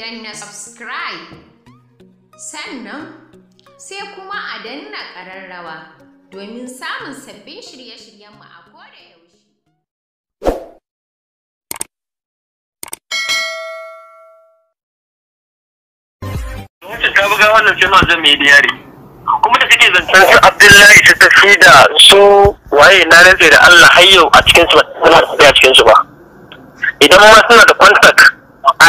danna subscribe sannan sai kuma a danna ƙararrawa domin samun sabbin shirye-shiryenmu a koda yaushe. Wacce ta buga wannan ce ma zan diyari. Kuma da suke zancen su Abdullahi ta tafi da su waye na rantse da Allah har yau a cikinsu ba, suna da a cikinsu ba. Idan ma suna da kwantak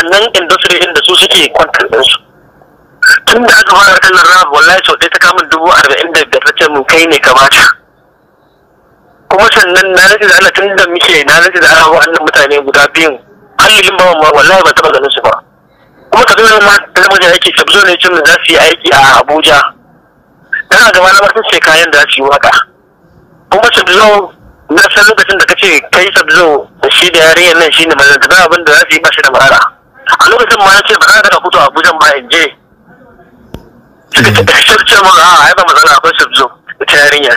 wannan industry din da su suke kwantar din su tun da aka fara kallon rap wallahi sau ta kamun dubu arba'in da biyar ta ce mun kai ne kamata kuma sannan na nace da Allah tun da muke na nace da Allah wa'annan mutane guda biyun halilin ba wallahi ba taɓa ganin su ba kuma ka zama ma da zama da ka zo ne cin za su yi aiki a Abuja dan gaba na sun ce kayan da za su yi waka kuma zo na san lokacin da kace kai sabzo da shi da yarinyar nan shine mazan da abin da za su yi ba shi da ma'ana mutum ma na ce ba za kutu fito abuja ba in je sai ce mun a ah, ai ba matsala akwai sabzo ita yarinya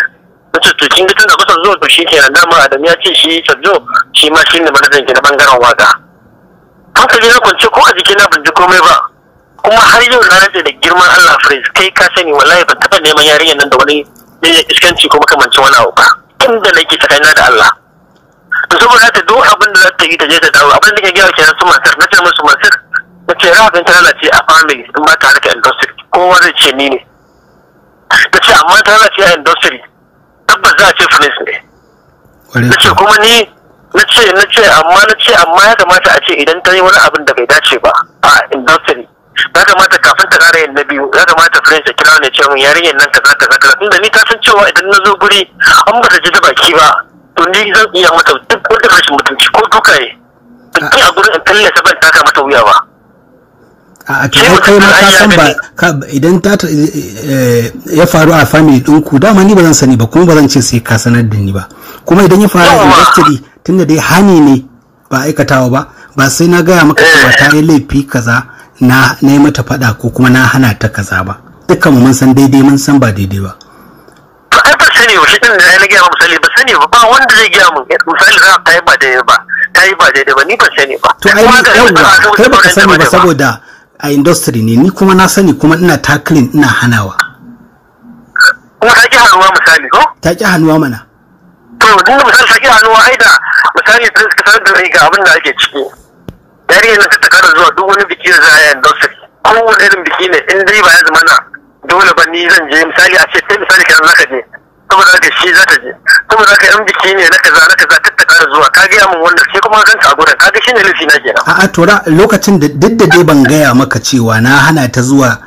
nace to kin ga tunda kusa zuwa to shi kenan dama adam ya ce shi sabzo shi ma shi ne manajan ki na bangaren waka hankali na kwance ko a jikin na ban komai ba kuma har yau na rantse da girman Allah Fritz kai ka sani wallahi ban taɓa neman yarinyar nan da wani iskanci ko makamancin wani abu ba inda nake tsakanina da Allah to saboda ta duk abin da za ta yi ta je ta dawo abin da ke gaya kenan su masar na ce musu masar idan abin ta lalace a family in ba ta harkar industry kowa zai ce ni ne ta ce amma ta lalace a industry tabbas za a ce finis ne na ce kuma ni na ce na ce amma na ce amma ya kamata a ce idan ta yi wani abin da bai dace ba a industry ya kamata kafin ta kara yin na biyu ya kamata finis ta kira ne ce mun yarinyar nan kaza kaza kaza tunda ni ta san cewa idan na zo guri an ba ta ji ta baki ba to ni zan iya mata duk wani rashin mutunci ko duka ne duk a gurin in tallata ban taka mata wuya ba a to kai ma ka san ba idan ta eh, ya faru a family din ku dama ni ba zan sani ba kuma ba zan ce sai ka sanar da ni ba kuma idan ya faru a industry tunda dai hani ne ba aikatawa ba ba sai na gaya maka cewa ta yi laifi kaza na na yi mata faɗa ko kuma na hana ta kaza ba dukkan mu mun san daidai mun san ba daidai ba to ai ba sani ba shi din da na gaya ma misali ba sani ba ba wanda zai gaya mun misali za ka yi ba daidai ba ta yi ba daidai ba ni ba sani ba to ai yawwa kai ba ka sani ba saboda a industry ne ni kuma na sani kuma ina tackling ina hanawa kuma ta ki hannuwa misali ko ta ki hannuwa mana to din da misali ta ki hannuwa ai da misali din ka san da ga abin da ake ciki dare na ta kara zuwa duk wani biki da za a yi industry kowane irin biki ne in dai ba ya zama na dole ba ni zan je misali a ce sai misali kan zaka je saboda haka shi za ta je saboda haka yan biki ne na kaza na kaza ta ƙara zuwa ka gaya min wannan sai kuma ganta a gurin ka kaga shine laifi na kenan a'a to lokacin da duk da dai ban gaya maka cewa na hana ta zuwa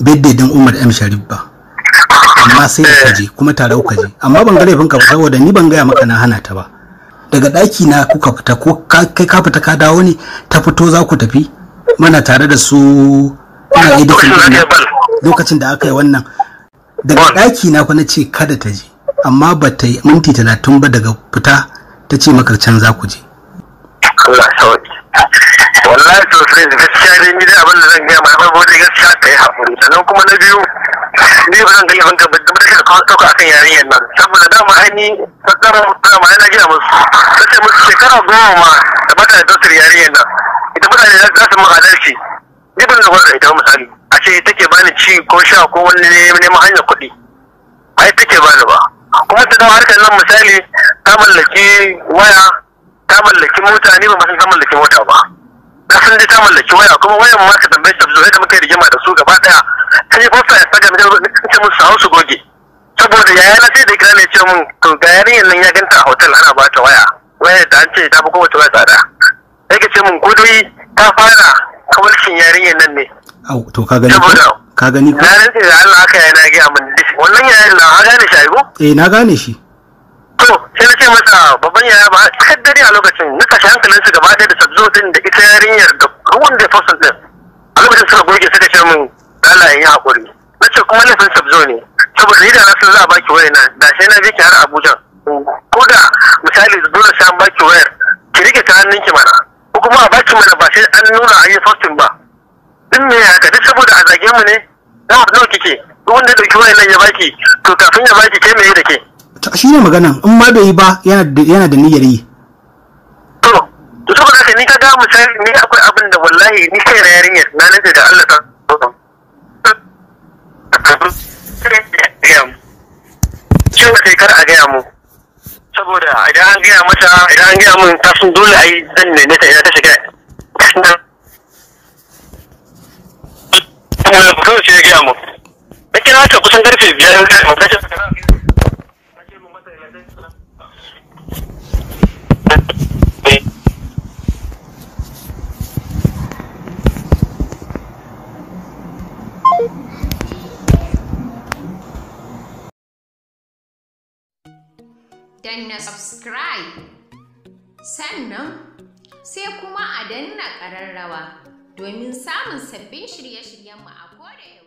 bidde din Umar M Sharif ba amma sai da je kuma tare uka je amma ban ga laifin ka saboda ni ban gaya maka na hana ta ba daga ɗaki na kuka fita ko kai ka fita ka dawo ne ta fito za ku tafi mana tare da su ina lokacin da aka yi wannan daga ɗaki na fa na ce kada ta je amma ba ta yi minti talatin ba daga fita ta ce maka can za ku je. Allah sauki. Wallahi to sai gaskiya dai ni dai abin da zan gaya ma ba wani gaskiya ta yi haƙuri sannan kuma na biyu ni ba zan gaya ban ka bada da kawai ɗauka akan yarinyar nan saboda dama aini shekara dama na gina musu ta ce musu shekara goma ma da ba ta da dausar yarinyar nan ita mutane za su mu adalci ni ban da wanda ita misali a ce take bani ci ko sha ko wani neman hanyar kuɗi ai take bani ba. kuma su dama harkar nan misali ta mallaki waya ta mallaki mota ni ba san ta mallaki mota ba na sun ta mallaki waya kuma wayan ma ka tambaye su da muka yi rigima da su gaba daya sai yi ya saka da kace musu hau su goge saboda yaya na sai da kira ne ce mun to ga yin nan ya ganta a hotel ana ba ta waya waya da an ce ta fi kowace waya tsada sai ka ce mun ko ta fara kawalcin yarinyar nan ne au to ka gani ka gani ko na rantsi da Allah haka yana ga mun wannan yayin na ha gane shi ko eh na gane shi to sai na ce masa babban yaya ba cikin dare a lokacin na tashi hankalin su gaba da sabzo din da ita yarinyar da ruwan da fasa din a lokacin suka goge suka ce min Allah ya yi hakuri na ce kuma laifin sabzo ne saboda ni da na san za a baki na da sai na je ki har Abuja ko da misali dole sai an baki wayar ki rike ta hannun mana ko kuma a baki mana ba sai an nuna an yi fasting ba din me haka duk saboda a zage mu ne na abu nawa kike duk wanda ya dauki nan ya baki to kafin ya baki ke meye da ke to shi ne magana in ma bai yi ba yana da niyyar yi to to saboda ka ni ka ga misali ni akwai abin da wallahi ni kai na yarinya na nan da Allah ta shin da kar a gaya mu saboda idan an gaya masa idan an gaya mun ta sun dole a yi dan ne ta ina ta shiga ta kusan karfe biyar danna subscribe sannan sai kuma a danna ƙararrawa domin samun sabbin shirye-shiryenmu a koda